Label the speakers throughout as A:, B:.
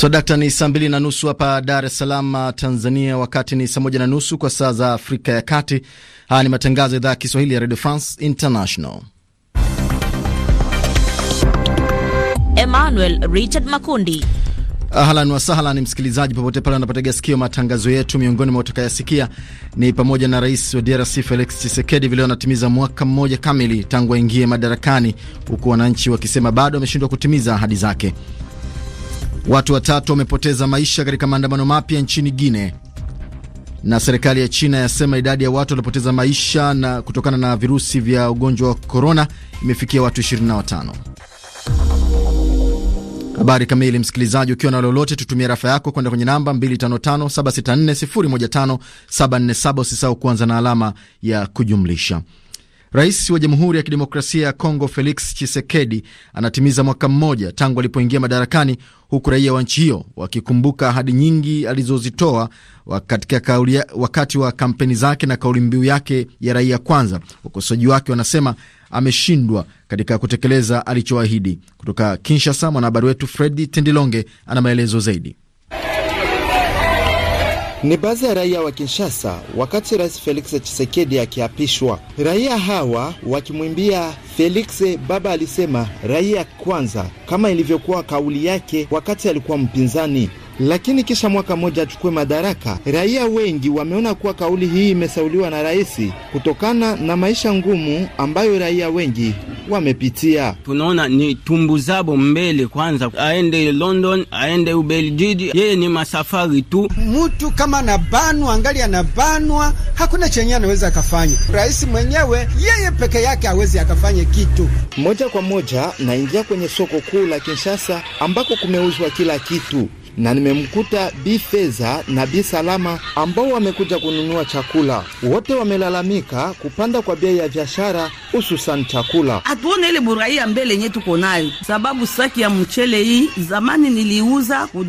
A: Swadakta ni saa mbili na nusu hapa Dar es Salaam, uh, Tanzania, wakati ni saa moja na nusu kwa saa za Afrika ya Kati. Haya ni matangazo ya idhaa ya Kiswahili ya Radio France International.
B: Emmanuel Richard Makundi.
A: Uh, Ahlan wasahla ni msikilizaji popote pale anapotega sikio matangazo yetu. Miongoni mwa utakayasikia ni pamoja na rais wa DRC Felix Tshisekedi vileo anatimiza mwaka mmoja kamili tangu aingie madarakani, huku wananchi wakisema bado ameshindwa kutimiza ahadi zake. Watu watatu wamepoteza maisha katika maandamano mapya nchini Guinea, na serikali ya China yasema idadi ya watu waliopoteza maisha na kutokana na virusi vya ugonjwa wa korona imefikia watu 25. Habari kamili, msikilizaji, ukiwa na lolote, tutumie rafa yako kwenda kwenye namba 255764015747. Usisahau kuanza na alama ya kujumlisha. Rais wa Jamhuri ya Kidemokrasia ya Kongo Felix Chisekedi anatimiza mwaka mmoja tangu alipoingia madarakani, huku raia wa nchi hiyo wakikumbuka ahadi nyingi alizozitoa wakati wa kampeni zake na kauli mbiu yake ya raia kwanza. Wakosoaji wake wanasema ameshindwa katika kutekeleza alichoahidi. Kutoka Kinshasa, mwanahabari wetu Fredi Tendilonge ana maelezo zaidi
C: ni baadhi ya raia wa Kinshasa wakati Rais Felix chisekedi akiapishwa. Raia hawa wakimwimbia Felix baba alisema raia kwanza, kama ilivyokuwa kauli yake wakati alikuwa mpinzani lakini kisha mwaka mmoja achukue madaraka. Raia wengi wameona kuwa kauli hii imesauliwa na rais kutokana na maisha ngumu ambayo raia wengi wamepitia.
B: Tunaona ni tumbu zabo mbele, kwanza aende London, aende Ubeljiji, yeye ni masafari tu. Mtu kama anabanwa,
D: angali
C: anabanwa, hakuna chenye anaweza akafanya. Rais mwenyewe yeye peke yake awezi akafanye kitu moja kwa moja. Naingia kwenye soko kuu la Kinshasa ambako kumeuzwa kila kitu na nimemkuta Bi na Bi Salama ambao wamekuja kununua chakula. Wote wamelalamika kupanda kwa bei ya biashara, hususan chakula. Hatuone ile burahia mbele yenye
B: tuko nayo, sababu saki ya mchele hii zamani niliuza ku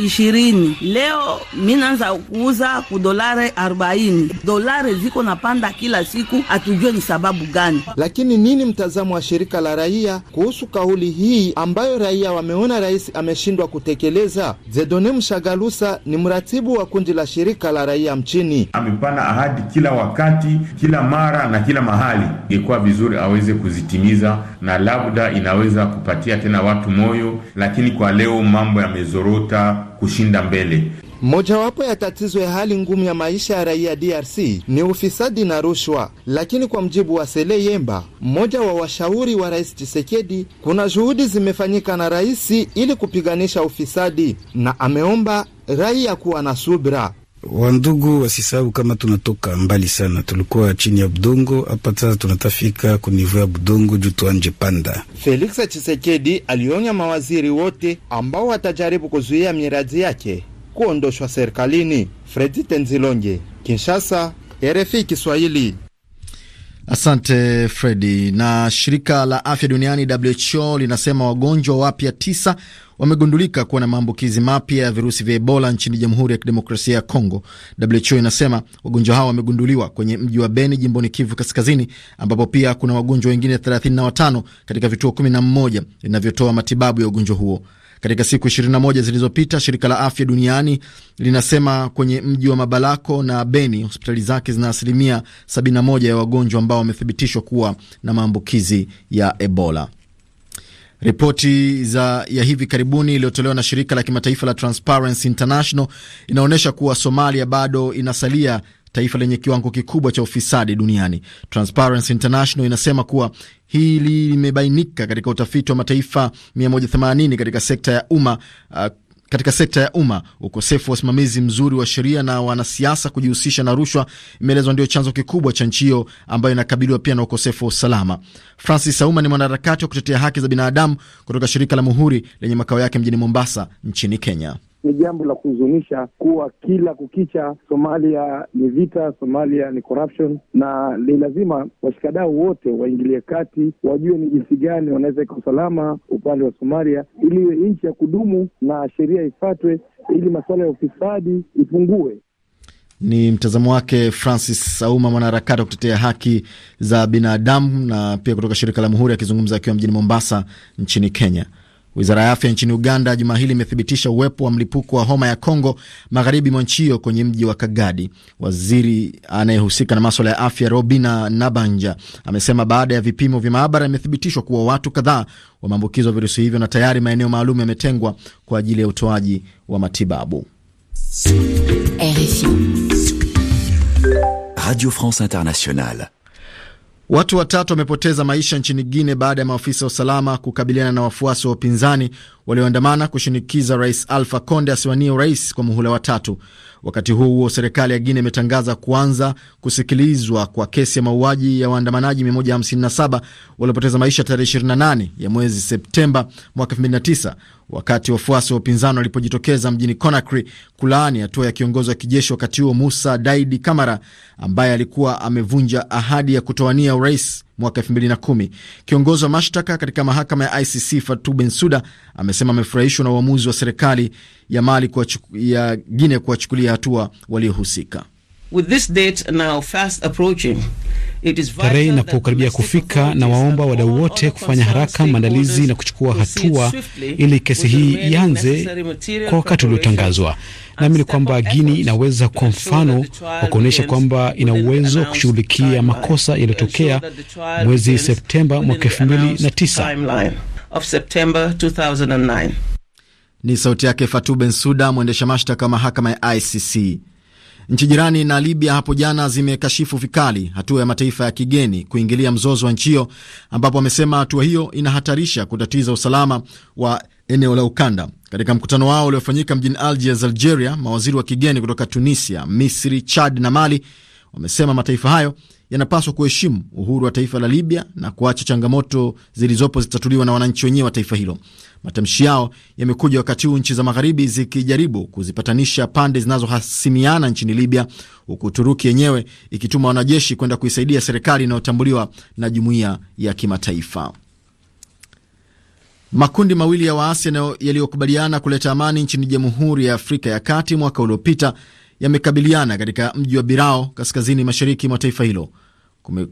B: ishirini, leo mi naanza kuuza ku
C: arobaini. dolare ziko napanda kila siku, hatujue ni sababu gani. Lakini nini mtazamo wa shirika la raia kuhusu kauli hii ambayo raia wameona rais ameshindwa kutekeleza? Zedone Mshagalusa ni mratibu wa kundi la shirika la raia mchini. Amepana ahadi kila wakati, kila mara na kila mahali, ingekuwa vizuri aweze kuzitimiza na labda inaweza kupatia tena watu moyo, lakini kwa leo mambo yamezorota kushinda mbele. Mojawapo ya tatizo ya hali ngumu ya maisha ya raia DRC ni ufisadi na rushwa, lakini kwa mjibu wa Sele Yemba, mmoja wa washauri wa Rais chisekedi kuna juhudi zimefanyika na rais ili kupiganisha ufisadi, na ameomba raia kuwa na subra. Wandugu,
D: wasisahau kama tunatoka mbali sana, tulikuwa chini ya budongo, hapa sasa tunatafika kunivu ya budongo juu tuanje panda.
C: Felix Chisekedi alionya mawaziri wote ambao watajaribu kuzuia miradi yake kuondoshwa serikalini. Fredi Tenzilonge, Kinshasa, RFI Kiswahili.
A: Asante Fredi. Na shirika la afya duniani WHO linasema wagonjwa wapya tisa wamegundulika kuwa na maambukizi mapya ya virusi vya Ebola nchini Jamhuri ya Kidemokrasia ya Kongo. WHO inasema wagonjwa hao wamegunduliwa kwenye mji wa Beni, jimboni Kivu Kaskazini, ambapo pia kuna wagonjwa wengine 35 katika vituo 11 vinavyotoa matibabu ya ugonjwa huo. Katika siku 21 zilizopita, shirika la afya duniani linasema kwenye mji wa Mabalako na Beni hospitali zake zina asilimia 71 ya wagonjwa ambao wamethibitishwa kuwa na maambukizi ya Ebola. Ripoti za ya hivi karibuni iliyotolewa na shirika la kimataifa la Transparency International inaonyesha kuwa Somalia bado inasalia taifa lenye kiwango kikubwa cha ufisadi duniani. Transparency International inasema kuwa hili limebainika katika utafiti wa mataifa 180 katika sekta ya umma uh, katika sekta ya umma, ukosefu wa usimamizi mzuri wa sheria na wanasiasa kujihusisha na rushwa imeelezwa ndio chanzo kikubwa cha nchi hiyo ambayo inakabiliwa pia na ukosefu wa usalama. Francis Auma ni mwanaharakati wa kutetea haki za binadamu kutoka shirika la Muhuri lenye makao yake mjini Mombasa nchini Kenya.
C: Ni jambo la kuhuzunisha kuwa kila kukicha Somalia ni vita, Somalia ni corruption, na ni lazima washikadau wote waingilie kati, wajue ni jinsi gani wanaweza ika usalama upande wa Somalia ili iwe nchi ya kudumu na sheria ifatwe ili masuala ya ufisadi ipungue.
A: Ni mtazamo wake Francis Auma, mwanaharakati wa kutetea haki za binadamu na pia kutoka shirika la Muhuri, akizungumza akiwa mjini Mombasa nchini Kenya. Wizara ya afya nchini Uganda juma hili imethibitisha uwepo wa mlipuko wa homa ya Kongo magharibi mwa nchi hiyo kwenye mji wa Kagadi. Waziri anayehusika na maswala ya afya Robina Nabanja amesema baada ya vipimo vya maabara imethibitishwa kuwa watu kadhaa wameambukizwa virusi hivyo na tayari maeneo maalum yametengwa kwa ajili ya utoaji wa matibabu. RFI Radio France Internationale Watu watatu wamepoteza maisha nchini Guine baada ya maafisa wa usalama kukabiliana na wafuasi wa upinzani walioandamana kushinikiza Rais Alpha Konde asiwanie urais kwa muhula watatu. Wakati huo huo, serikali ya Guinea imetangaza kuanza kusikilizwa kwa kesi ya mauaji ya waandamanaji 157 waliopoteza maisha tarehe 28 ya mwezi Septemba mwaka 2009 wakati wafuasi wa upinzani walipojitokeza mjini Conakry kulaani hatua ya kiongozi wa kijeshi wakati huo Musa Daidi Kamara ambaye alikuwa amevunja ahadi ya kutowania urais mwaka 2010. Kiongozi wa mashtaka katika mahakama ya ICC Fatou Bensouda amesema amefurahishwa na uamuzi wa serikali ya Mali ya Guinea kuwachukulia hatua waliohusika.
B: With this date now fast approaching, Tarehe
A: inapokaribia kufika,
D: na waomba wadau wote kufanya haraka maandalizi na kuchukua hatua ili kesi hii ianze kwa wakati uliotangazwa. Naamini kwamba Guini inaweza kwa mfano wa kuonyesha kwamba ina uwezo wa kushughulikia makosa yaliyotokea mwezi
B: Septemba mwaka 2009.
A: Ni sauti yake Fatou Bensouda, mwendesha mashtaka mahakama ya ICC. Nchi jirani na Libya hapo jana zimekashifu vikali hatua ya mataifa ya kigeni kuingilia mzozo wa nchi hiyo, ambapo wamesema hatua hiyo inahatarisha kutatiza usalama wa eneo la ukanda. Katika mkutano wao uliofanyika mjini Algiers, Algeria, mawaziri wa kigeni kutoka Tunisia, Misri, Chad na Mali wamesema mataifa hayo yanapaswa kuheshimu uhuru wa taifa la Libya na kuacha changamoto zilizopo zitatuliwa na wananchi wenyewe wa taifa hilo. Matamshi yao yamekuja wakati huu nchi za magharibi zikijaribu kuzipatanisha pande zinazohasimiana nchini Libya, huku Uturuki yenyewe ikituma wanajeshi kwenda kuisaidia serikali inayotambuliwa na jumuiya ya kimataifa. Makundi mawili ya waasi yaliyokubaliana kuleta amani nchini Jamhuri ya Afrika ya Kati mwaka uliopita yamekabiliana katika mji wa Birao kaskazini mashariki mwa taifa hilo.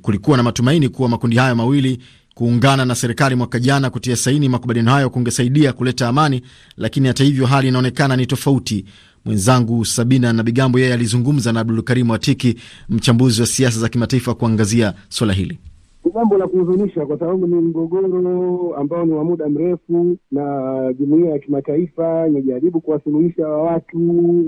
A: Kulikuwa na matumaini kuwa makundi hayo mawili kuungana na serikali mwaka jana kutia saini makubaliano hayo kungesaidia kuleta amani, lakini hata hivyo hali inaonekana ni tofauti. Mwenzangu Sabina na Bigambo yeye alizungumza na Abdul Karimu Atiki, mchambuzi wa siasa za kimataifa, kuangazia swala hili
D: jambo la kuhuzunisha kwa sababu ni mgogoro ambao ni wa muda mrefu, na jumuia ya kimataifa imejaribu kuwasuluhisha wa watu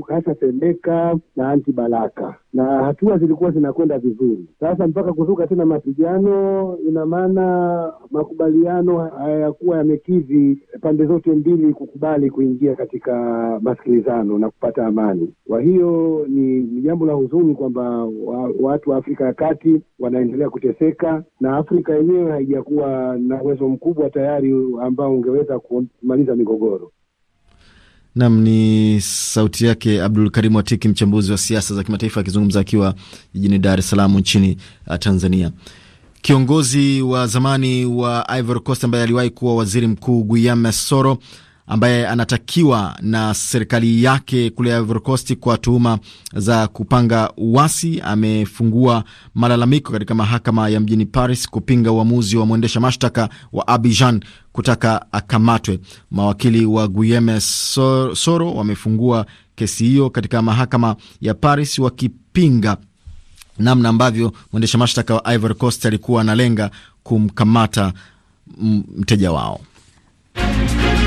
D: hasa sendeka na Anti baraka na hatua zilikuwa zinakwenda vizuri. Sasa mpaka kuzuka tena mapigano, ina maana makubaliano hayakuwa yamekidhi pande zote mbili kukubali kuingia katika masikilizano na kupata amani. Kwa hiyo ni jambo la huzuni kwamba wa, watu wa Afrika ya Kati wanaendelea kuteseka na Afrika yenyewe haijakuwa na uwezo mkubwa tayari ambao ungeweza kumaliza migogoro.
A: Nam ni sauti yake Abdul karimu Watiki, mchambuzi wa siasa za kimataifa akizungumza akiwa jijini Dar es Salaam nchini uh, Tanzania. Kiongozi wa zamani wa Ivory Coast ambaye aliwahi kuwa waziri mkuu Guillaume Soro ambaye anatakiwa na serikali yake kule Ivory Coast kwa tuhuma za kupanga uasi amefungua malalamiko katika mahakama ya mjini Paris kupinga uamuzi wa mwendesha mashtaka wa Abidjan kutaka akamatwe. Mawakili wa Guillaume Soro wamefungua kesi hiyo katika mahakama ya Paris wakipinga namna ambavyo mwendesha mashtaka wa Ivory Coast alikuwa analenga kumkamata mteja wao.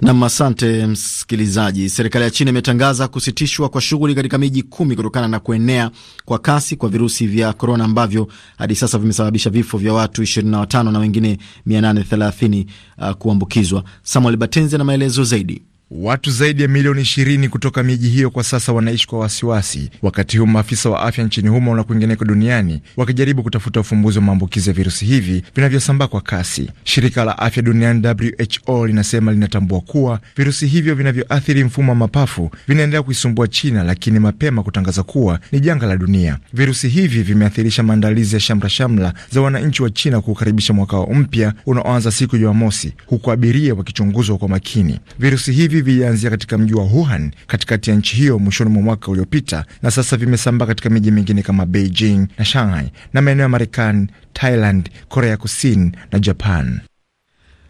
A: Nam, asante msikilizaji. Serikali ya China imetangaza kusitishwa kwa shughuli katika miji kumi kutokana na kuenea kwa kasi kwa virusi vya korona ambavyo hadi sasa vimesababisha vifo vya watu 25 na wengine 830 uh, kuambukizwa. Samuel Batenzi na maelezo zaidi.
C: Watu zaidi ya milioni ishirini kutoka miji hiyo kwa sasa wanaishi kwa wasiwasi, wakati huu maafisa wa afya nchini humo na kwingineko duniani wakijaribu kutafuta ufumbuzi wa maambukizi ya virusi hivi vinavyosambaa kwa kasi. Shirika la afya duniani WHO linasema linatambua kuwa virusi hivyo vinavyoathiri mfumo wa mapafu vinaendelea kuisumbua China, lakini mapema kutangaza kuwa ni janga la dunia. Virusi hivi vimeathirisha maandalizi ya shamrashamra za wananchi wa China kuukaribisha mwaka mpya unaoanza siku ya Jumamosi, huku abiria wakichunguzwa kwa makini. Virusi hivi hivi vilianzia katika mji wa Wuhan katikati ya nchi hiyo mwishoni mwa mwaka uliopita na sasa vimesambaa katika miji mingine kama Beijing na Shanghai na maeneo ya Marekani, Thailand, Korea Kusini na Japan.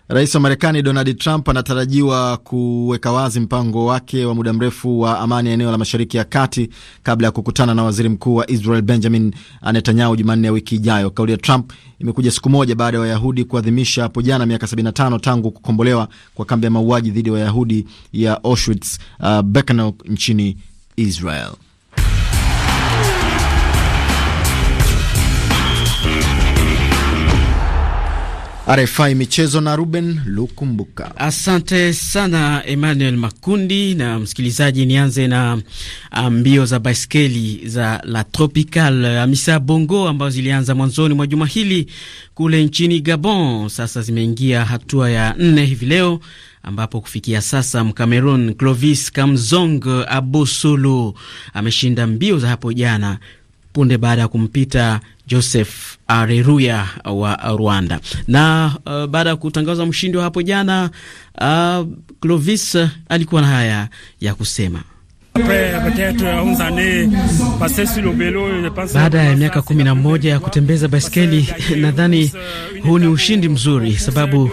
A: Rais wa Marekani Donald Trump anatarajiwa kuweka wazi mpango wake wa muda mrefu wa amani eneo la Mashariki ya Kati kabla ya kukutana na waziri mkuu wa Israel Benjamin Netanyahu Jumanne ya wiki ijayo. Kauli ya Trump imekuja siku moja baada ya Wayahudi kuadhimisha hapo jana miaka 75 tangu kukombolewa kwa kambi ya mauaji dhidi ya Wayahudi ya Auschwitz uh, Birkenau nchini Israel.
B: RFI Michezo na Ruben Lukumbuka. Asante sana Emmanuel Makundi na msikilizaji, nianze na ah, mbio za baiskeli za La Tropical Amisa Bongo ambazo zilianza mwanzoni mwa juma hili kule nchini Gabon, sasa zimeingia hatua ya nne hivi leo ambapo kufikia sasa Mcameron Clovis Kamzong Abosolo ameshinda mbio za hapo jana punde baada ya kumpita Joseph Areruya wa Rwanda. Na uh, baada ya kutangaza mshindi wa hapo jana uh, Clovis uh, alikuwa na haya ya kusema. Baada ya miaka kumi na moja ya kutembeza baskeli, nadhani huu ni ushindi mzuri, sababu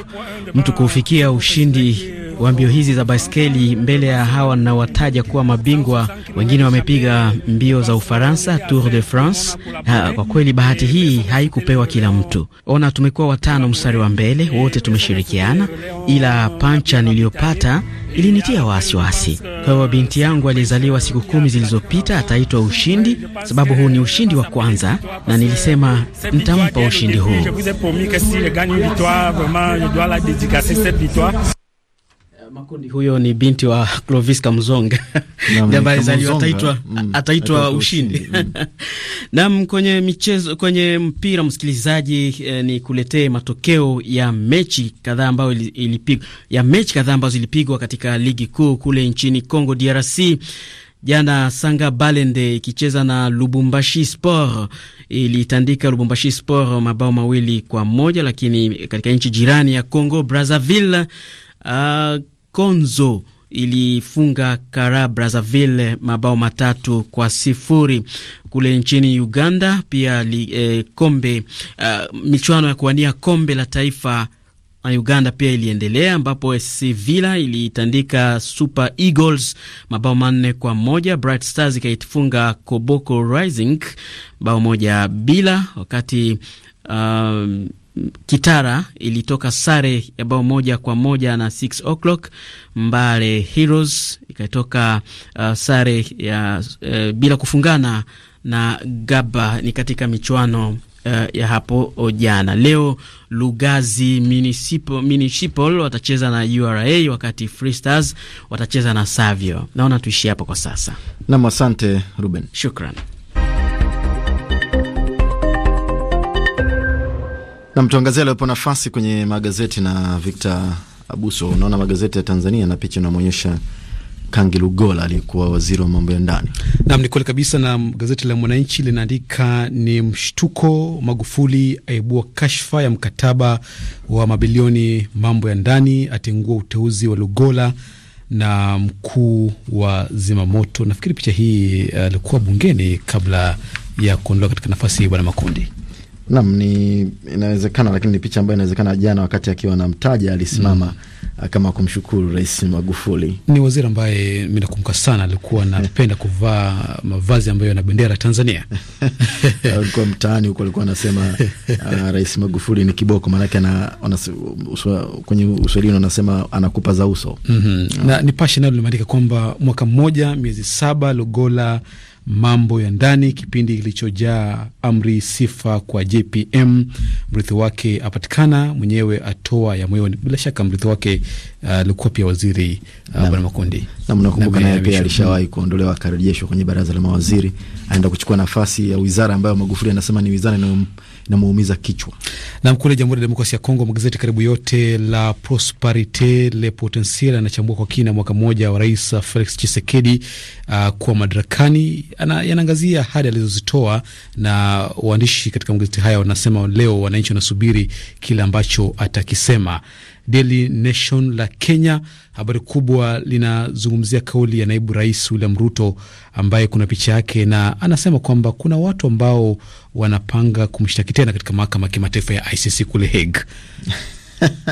B: mtu kuufikia ushindi wa mbio hizi za baiskeli mbele ya hawa nawataja kuwa mabingwa. Wengine wamepiga mbio za Ufaransa, Tour de France. Ha, kwa kweli bahati hii haikupewa kila mtu. Ona, tumekuwa watano mstari wa mbele, wote tumeshirikiana, ila pancha niliyopata ilinitia wasiwasi. Kwa hiyo binti yangu alizaliwa siku kumi zilizopita ataitwa ushindi, sababu huu ni ushindi wa kwanza, na nilisema nitampa ushindi huu. Makundi huyo ni binti wa Clovis Kamzonga ambaye ah, ataitwa mm, ataitwa ushindi mm. kwenye michezo, kwenye mpira msikilizaji, eh, ni kuletee matokeo ya mechi kadhaa ambayo ilipigwa ya mechi kadhaa ambazo zilipigwa katika ligi kuu kule nchini Congo DRC. Jana Sanga Balende ikicheza na Lubumbashi Sport ilitandika Lubumbashi Sport mabao mawili kwa moja, lakini katika nchi jirani ya Congo Brazzaville uh, Konzo ilifunga Kara Brazzaville mabao matatu kwa sifuri. Kule nchini Uganda pia li, eh, kombe uh, michuano ya kuwania kombe la taifa na Uganda pia iliendelea ambapo SC Villa ilitandika Super Eagles mabao manne kwa moja. Bright Stars ikaifunga Koboko Rising bao moja bila, wakati um, Kitara ilitoka sare ya bao moja kwa moja na 6 O'clock. Mbale Heroes ikatoka uh, sare ya uh, bila kufungana na Gaba ni katika michuano Uh, ya hapo jana. Leo Lugazi Municipal, Municipal watacheza na URA wakati Free Stars watacheza na Savio. Naona tuishie hapo kwa sasa.
A: Nam, asante Ruben, shukran. na mtuangazia aliyopo nafasi kwenye magazeti na Victor Abuso. Unaona magazeti ya Tanzania na picha inamwonyesha Kangi Lugola aliyekuwa waziri wa mambo ya ndani.
D: Naam, ni kweli kabisa. Na gazeti la Mwananchi linaandika ni mshtuko, Magufuli aibua kashfa ya mkataba wa mabilioni mambo ya ndani, atengua uteuzi wa Lugola na mkuu wa zimamoto. Nafikiri picha hii eh, alikuwa uh, bungeni kabla ya kuondoka katika nafasi hii, Bwana Makundi.
A: Naam, ni inawezekana, lakini ni picha ambayo inawezekana. Jana wakati akiwa na mtaja alisimama mm. Uh, kama kumshukuru Rais Magufuli.
D: Ni waziri ambaye mi nakumbuka sana, alikuwa anapenda kuvaa mavazi ambayo yana bendera Tanzania.
A: Alikuwa mtaani huko, alikuwa anasema uh, Rais Magufuli ni kiboko, maanake kwenye uswahilini wanasema anakupa za uso mm -hmm. na
D: Nipashe nalo limeandika kwamba mwaka mmoja miezi saba Lugola mambo ya ndani, kipindi kilichojaa amri sifa kwa JPM. Mrithi wake apatikana mwenyewe atoa ya moyoni. Bila shaka mrithi wake alikuwa uh, pia waziri uh, Bwana
A: Makundi, na mnakumbuka naye pia alishawahi kuondolewa akarejeshwa kwenye baraza la mawaziri, aenda kuchukua nafasi ya wizara ambayo Magufuli anasema ni wizara inayo inamuumiza kichwa.
D: Na kule Jamhuri ya Demokrasia ya Kongo, magazeti karibu yote la Prosperite Le Potentiel anachambua kwa kina mwaka mmoja wa Rais Felix Tshisekedi uh, kuwa madarakani yanaangazia hadi alizozitoa na waandishi katika magazeti haya wanasema leo wananchi wanasubiri kile ambacho atakisema. Daily Nation la Kenya, habari kubwa linazungumzia kauli ya naibu rais William Ruto ambaye kuna picha yake, na anasema kwamba kuna watu ambao wanapanga kumshtaki tena katika mahakama ya kimataifa ya ICC kule Hague.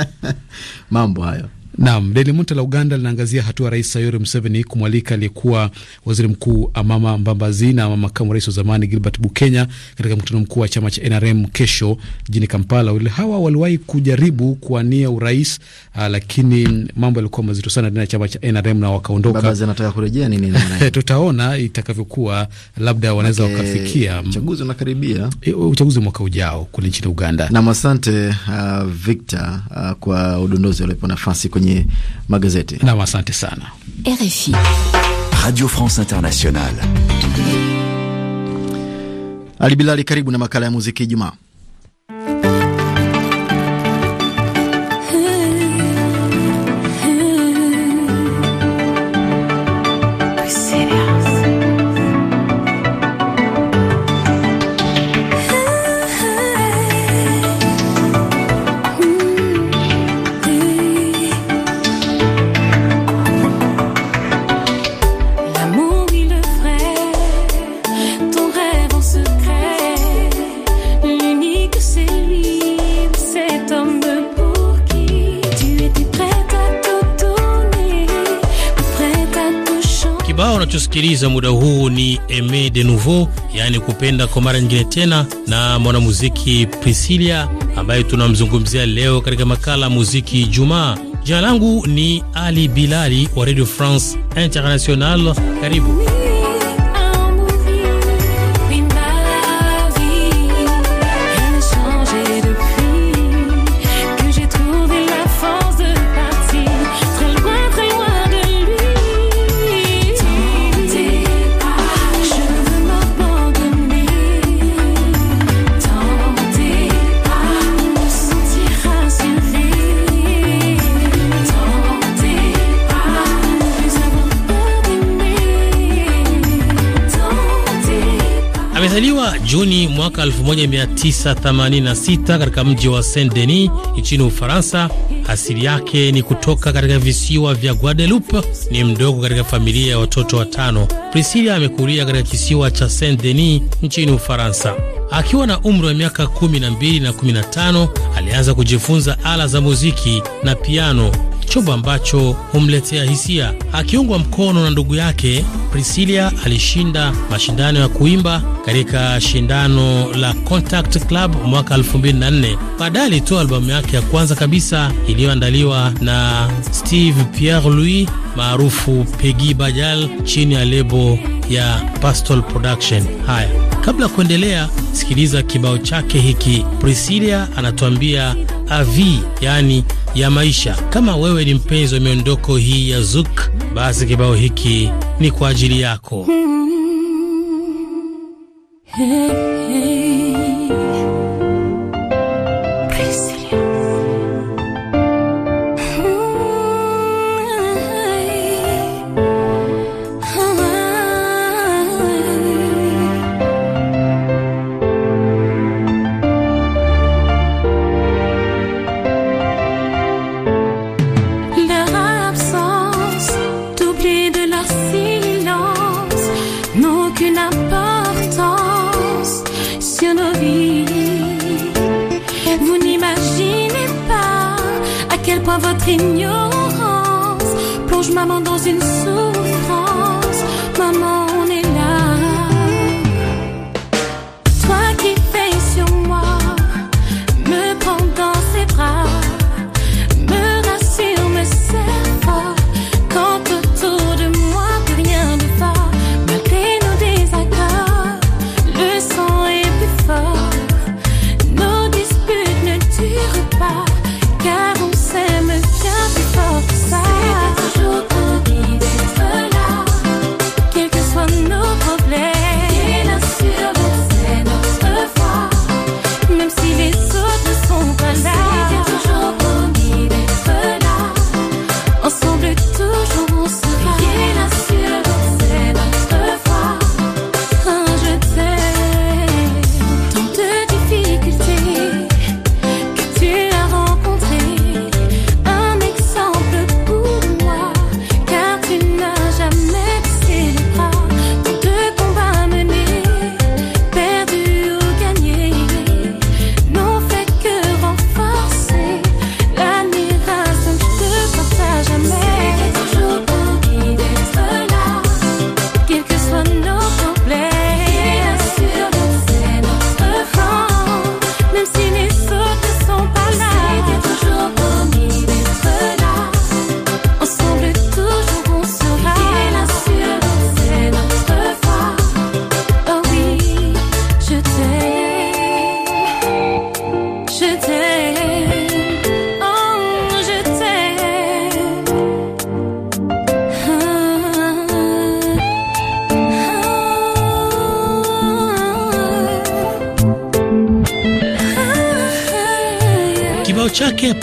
A: mambo hayo
D: Naam, Daily Monitor la Uganda linaangazia hatua Rais Yoweri Museveni kumwalika aliyekuwa waziri mkuu Amama Mbabazi na makamu rais wa zamani Gilbert Bukenya katika mkutano mkuu wa chama cha NRM kesho jijini Kampala. Wale hawa waliwahi kujaribu kuwania urais, ah, lakini mambo yalikuwa mazito sana ndani ya chama cha NRM na wakaondoka. Mbabazi anataka kurejea nini? Tutaona itakavyokuwa, labda wanaweza wakafikia. Mm,
A: uchaguzi unakaribia, eh, uchaguzi mwaka ujao kule nchini Uganda. Na asante uh, Victor uh, kwa udondozi walipo nafasi kwenye magazeti. Na asante sana. RFI. Radio France Internationale. Ali Bilali, karibu na makala ya muziki Ijumaa.
E: unachosikiliza muda huu ni Aime de Nouveau, yaani kupenda kwa mara nyingine tena, na mwanamuziki Priscilla ambaye tunamzungumzia leo katika makala Muziki Jumaa. Jina langu ni Ali Bilali wa Radio France International. Karibu. Amezaliwa Juni mwaka 1986 katika mji wa Saint Denis nchini Ufaransa. Asili yake ni kutoka katika visiwa vya Guadeloupe. Ni mdogo katika familia ya watoto watano. Priscilla amekulia katika kisiwa cha Saint Denis nchini Ufaransa. Akiwa na umri wa miaka 12 na 15 alianza kujifunza ala za muziki na piano chombo ambacho humletea hisia. Akiungwa mkono na ndugu yake Priscilla, alishinda mashindano ya kuimba katika shindano la Contact Club mwaka 2004. Baadaye alitoa albamu yake ya kwanza kabisa iliyoandaliwa na Steve Pierre Louis maarufu Peggy Bajal chini ya lebo ya Pastol Production. Haya, kabla ya kuendelea, sikiliza kibao chake hiki. Priscilla anatuambia av yani yaani ya maisha. Kama wewe ni mpenzi wa miondoko hii ya Zouk, basi kibao hiki ni kwa ajili yako. Hmm.
F: Hey, hey.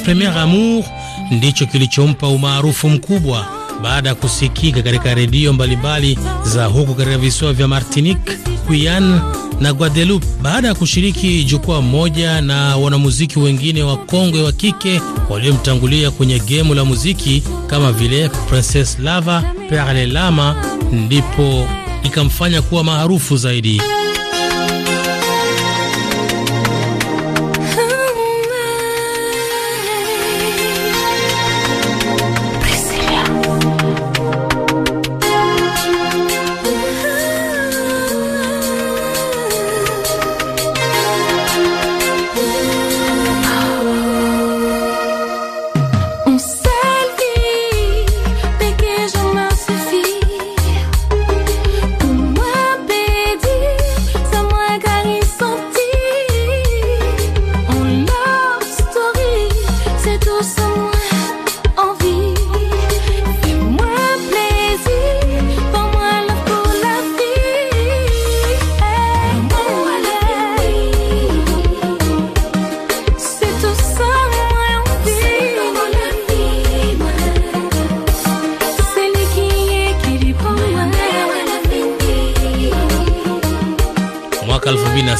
E: Premier Amour ndicho kilichompa umaarufu mkubwa baada ya kusikika katika redio mbalimbali za huku katika visiwa vya Martinique, Guyane na Guadeloupe baada ya kushiriki jukwaa moja na wanamuziki wengine wa kongwe wa kike waliomtangulia kwenye gemu la muziki kama vile Princess Lava, Perle Lama, ndipo ikamfanya kuwa maarufu zaidi.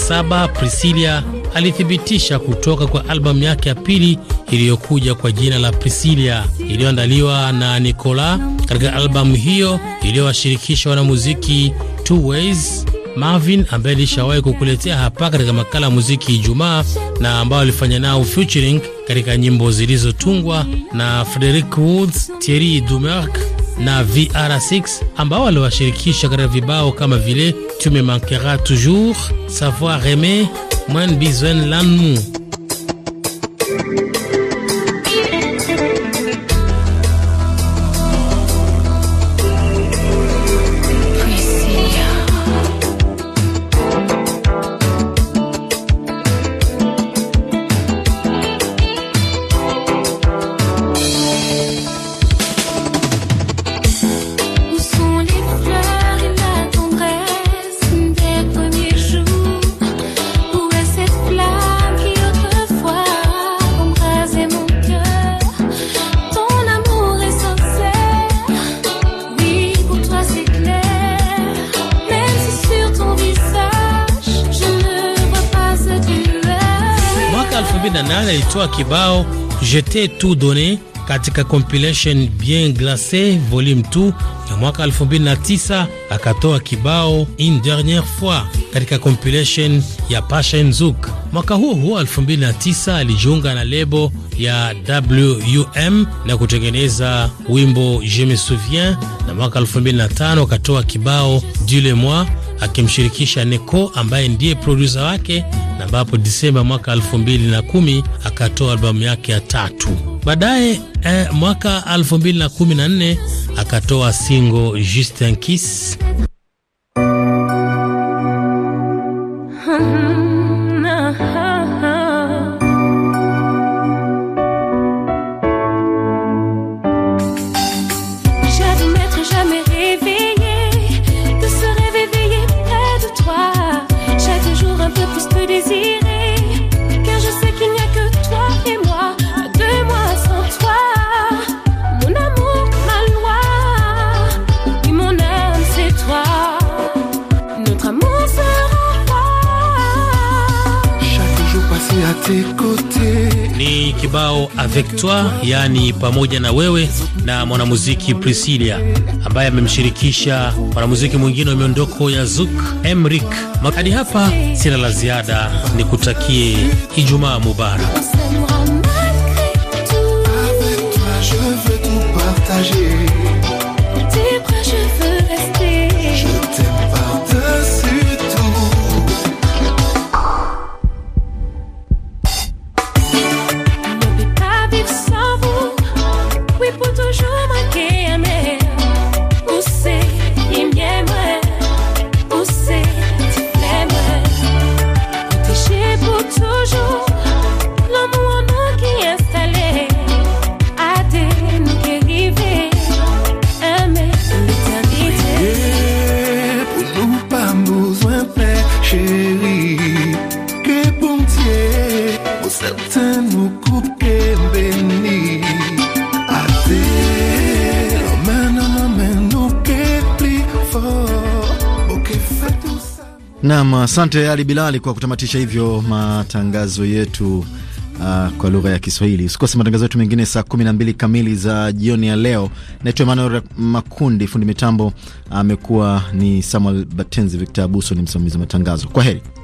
E: saba Priscilla alithibitisha kutoka kwa albamu yake ya pili iliyokuja kwa jina la Priscilia iliyoandaliwa na Nicola. Katika albamu hiyo iliyowashirikisha wanamuziki Two Ways Marvin ambaye alishawahi kukuletea hapa katika makala ya muziki Ijumaa na ambao alifanya nao featuring katika nyimbo zilizotungwa na Frederick Woods, Thierry Dumerc na VR6 ambao aliwashirikisha katika vibao kama vile Tu me manqueras toujours. Savoir aimer, moins besoin l'amour. alitoa kibao Jete Tout donné katika compilation Bien glacé volume 2 ya mwaka 2009. Akatoa kibao Une Derniere Fois katika compilation ya Passion Zouk. Mwaka huo huo 2009 alijiunga na lebo ya WUM na kutengeneza wimbo Je me souviens, na mwaka 2005 akatoa kibao Dile moi akimshirikisha Neko ambaye ndiye produsa wake, na ambapo Disemba mwaka 2010 akatoa albamu yake ya tatu. Baadaye eh, mwaka 2014 akatoa singo Justin Kiss ni kibao avec toi, yaani pamoja na wewe, na mwanamuziki Priscilla ambaye amemshirikisha mwanamuziki mwingine wa miondoko ya Zouk Emric. Hadi hapa sina la ziada, nikutakie Ijumaa mubarak.
A: Nam, asante Ali Bilali kwa kutamatisha hivyo matangazo yetu uh, kwa lugha ya Kiswahili. Usikose matangazo yetu mengine saa 12 kamili za jioni ya leo. Naitwa Emmanuel Makundi, fundi mitambo amekuwa uh, ni Samuel Batenzi. Victor Abuso ni msimamizi wa matangazo. Kwa heri.